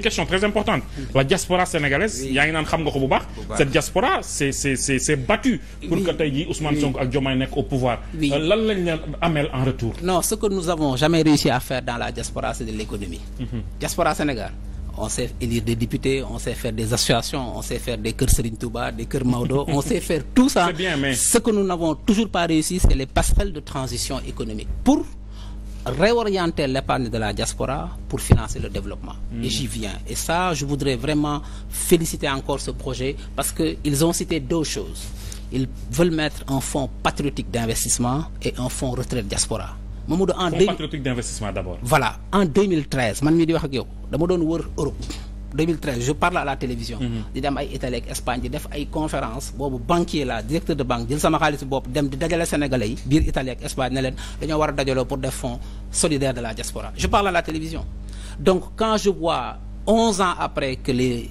une question très importante la diaspora sénégalaise yaa ngi naan xam nga ko bu baax cette diaspora c'est euh, non ce que nous avons jamais réussi à faire dans la diaspora c'est de l'économie mm-hmm. diaspora Sénégal on sait élire des députés on sait faire des associations on sait faire des kër Serigne des kër Maodo on sait faire tout ça ce que nous n'avons toujours pas réussi c'est les passerelles de transition économique pour réorienter l'épargne de la diaspora pour financer le développement. Mmh. Et j'y viens. Et ça, je voudrais vraiment féliciter encore ce projet parce qu'ils ont cité deux choses. Ils veulent mettre un fonds patriotique d'investissement et un fonds retraite diaspora. Mamoudou, en fonds patriotique d'investissement d'abord. Voilà. En 2013, man mii di wax ak yow doon wër Europe. 2013 je parle à la télévision. Mm-hmm. di dem ay Italie ak Espagne di def ay conférence boobu banquier la directeur de banque jël sama xaalis bopp dem di dajale sénégalais yi biir Italie ak Espagne ne dañoo war a dajaloo pour def fonds solidaire de la diaspora je parle à la télévision donc quand je vois 11 ans après que les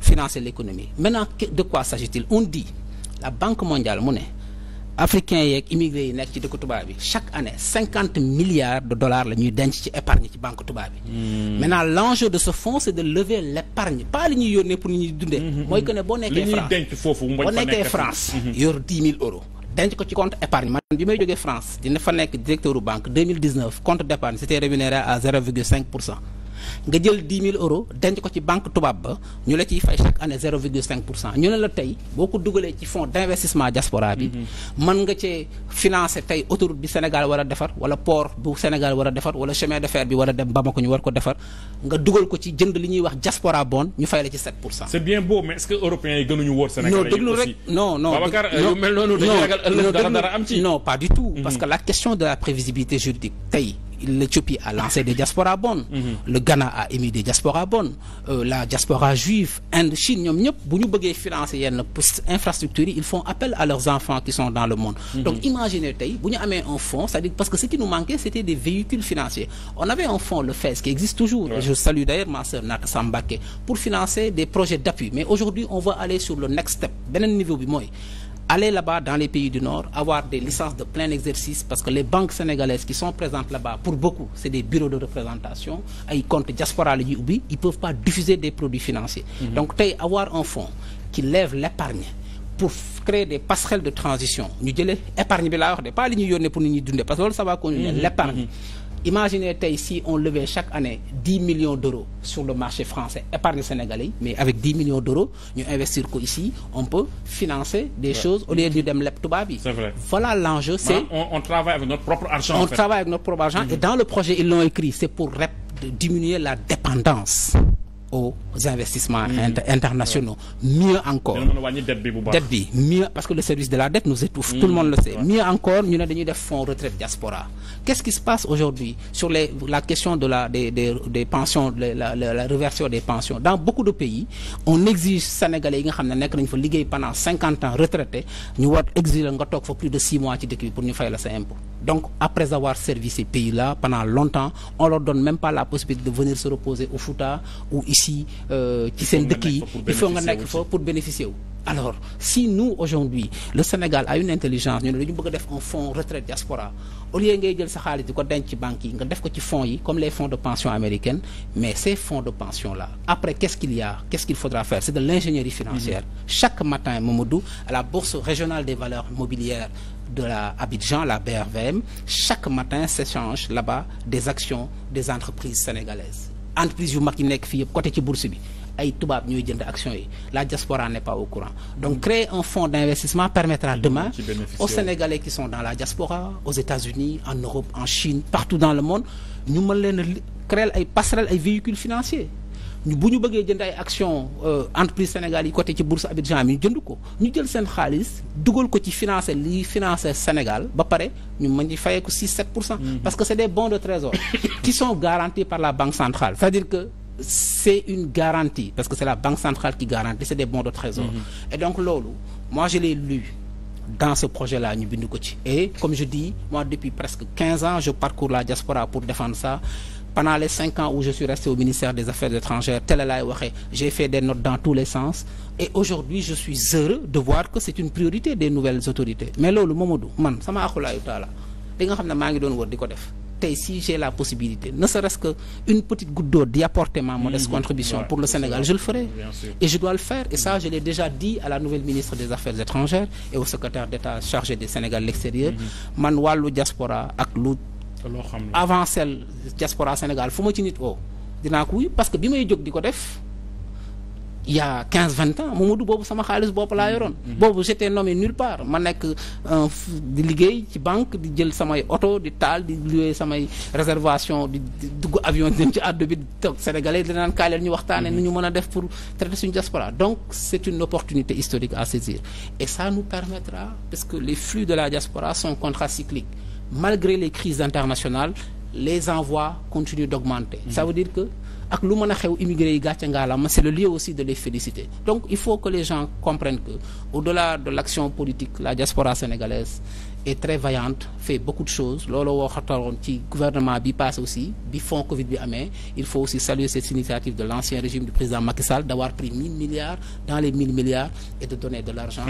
financer l'économie maintenant de quoi s'agit-il on dit la banque mondiale mu ne africains yeeg immigrés yi nekk ci dëkk tubaab bi chaque année cinquante milliards de dollars la ñuy denc ci épargne ci banque tubaab bi. Hmm. maintenant l'enjeu de ce fonds c'est de lever l'épargne pas li ñuy yónnee pour ñuy dundee. Hmm, hmm, mooy que ne boo nekkee France boo nekkee France. yor dix denc ko ci compte épargne bi may jógee France dina fa nekk directeur banque compte d'épargne c'était rémunéré à nga jël 10 000 euros denc ko ci banque tubaab ba ñu la ciy fay chaque année 0,5 pour cent ñu ne la tey boo ko dugalee ci fonds d' investissement diaspora bi. Mhm. mën nga cee financer tey autoroute bi Sénégal war a defar wala port bu Sénégal war a defar wala chemin de fer bi war a dem Bamako ñu war ko defar nga dugal ko ci jënd li ñuy wax diaspora bond ñu fay la ci 7 pour cent. c' est bien beau mais est ce rek non non. pas du tout. parce mhm. que la question de la prévisibilité l'Éthiopie a lancé des diasporas bonnes. Mm-hmm. le Ghana a émis des diasporas bonnes. Euh, la diaspora juive Inde Chine ñoom ñëpp bu ñu bëggee financer yenn infrastructures yi ils font appel à leurs enfants qui sont dans le monde. Mm-hmm. donc imaginez tey bu ñu amee un fonds c'est-à-dire que ce qui nous manquait c'était des véhicules financiers on avait un fonds le FES qui existe toujours. je salue d'ailleurs ma sœur Nata pour financer des projets d'appui mais aujourd'hui on va aller sur bi mooy. aller là-bas dans les pays du Nord, avoir des licences de plein exercice, parce que les banques sénégalaises qui sont présentes là pour beaucoup, c'est des bureaux de représentation, ils comptent diaspora, ils ne peuvent pas diffuser des produits financiers. Mm -hmm. avoir un fonds qui lève l'épargne pour créer des passerelles de transition. Nous disons l'épargne, pas pour nous parce que ça va qu'on mhm. l'épargne. Mhm. imaginez tey si on levait chaque année dix millions d'euros sur le marché français épargne sénégalais mais avec dix millions d'euros ñu investir ko ici on peut financer des choses au lieu de dem leb tubaab bi c'est vrai voilà l'enjeu c'est on, on travaille avec notre propre argent on et mm-hmm. dans le projet ils l'ont écrit c'est pour rep diminuer la dépendance aux investissements hmm. internationaux. mieux encore dette bi mieux parce que le service de la dette nous étouffe. tout le hmm. monde le sait mieux encore ñu ne dañuy def fonds retraite diaspora. qu'est-ce qui se passe aujourd'hui sur la question de la réversion des pensions dans beaucoup de pays on exige sénégalais yi nga xam ne nekk nañ fa liggéey pendant ans retraité ñu war exiler nga toog fa plus de six mois ci dëkk pour ñu fay la sa impôt. donc après avoir yi euh, ci seen dëkk yi il faut nga nekk fa pour bénéficier wu alors si nous aujourd'hui le Sénégal a une intelligence ñu ne dañu bëgg a def un fonds retraite diaspora au lieu ngay jël sa xaalis di ko denc ci banques yi nga def ko ci fonds yi comme les fonds de pension américaines mais ces fonds de pension là après qu'est-ce qu'il y a qu'est-ce qu'il faudra faire c'est de l'ingénierie financière mm-hmm. chaque matin Mamadou à la bourse régionale des valeurs mobilières de la Abidjan la BRVM chaque matin s'échange là-bas des actions des entreprises sénégalaises entreprise yu mag yi nekk fii yëpp côté ci bourse bi ay tubaab ñooy jënd action yi la diaspora n'est pas au courant donc créer un fonds d'investissement permettra demain aux Sénégalais qui sont dans la diaspora aux États-Unis en Europe en Chine partout dans le monde ñu mën leen a créer ay passerelle ay véhicules financiers bu ñu bëggee jënd ay action euh, entreprise Sénégal yi côté ci bourse Abidjan bi jënd ko ñu jël seen xaalis dugal ko ci financer li financer Sénégal ba pare ñu mën di fayee ko 6 7 pour cent. Mm-hmm. parce que c' des bons de trésor qui sont garantis par la banque centrale c'est-à-dire que c'est une garantie parce que c'est la banque centrale qui garantit c'est des bons de trésor. Mm-hmm. et donc loolu moi je l'ai lu. dans ce projet-là ñu bind ko ci et comme je dis moi depuis presque quinze ans je parcours la diaspora pour défendre ça pendant les cinq ans où je suis resté au ministère des Affaires étrangères télé laay waxee j'ai fait des notes dans tous les sens et aujourd'hui je suis heureux de voir que c'est une priorité des nouvelles autorités mais loolu Mamadou man sama axulaayu taala li nga xam ne maa ngi doon wër di ko def tey si j'ai la possibilité ne serait-ce que une petite goutte d'eau d'y apporter ma mm-hmm. modeste mmh, contribution ouais, pour le Sénégal je le ferai et je dois le faire et ça je l'ai déjà dit à la nouvelle ministre des Affaires étrangères et au secrétaire d'État chargé des Sénégal l'extérieur mm-hmm. man wàllu diaspora ak lu avancel diaspora Sénégal fu ma ci nit oo dinaa ko parce que bi may jóg di ko def il y a quinze vingt boobu sama xaalis bopp laa yoroon. Mm-hmm. boobu j'étais nommé nulle part ma nekk euh, di liggéey ci banque di jël samay oto di taal di luwee samay réservation di dugg avion dem ci àddu bi toog sénégalais di naan kaay ñu waxtaanee mm-hmm. nu ñu mën a def pour traiter suñu diaspora donc c'est une opportunité historique à saisir et ça nous permettra parce que les flux de la diaspora sont contracycliques malgré les crises internationales les envois continuent d'augmenter. ça mm-hmm. veut dire que ak lu mën a xew immigré yi gàcce ngaalaama c'est le lieu aussi de les féliciter donc il faut que les gens comprennent que au-delà de l'action politique la diaspora sénégalaise est très vaillante fait beaucoup de choses loolu woo ci gouvernement bi passe aussi bi fond Covid bi amee il faut aussi saluer cette initiative de l'ancien régime du président Macky Sall d'avoir pris mille milliards dans les milliards et de donner de l'argent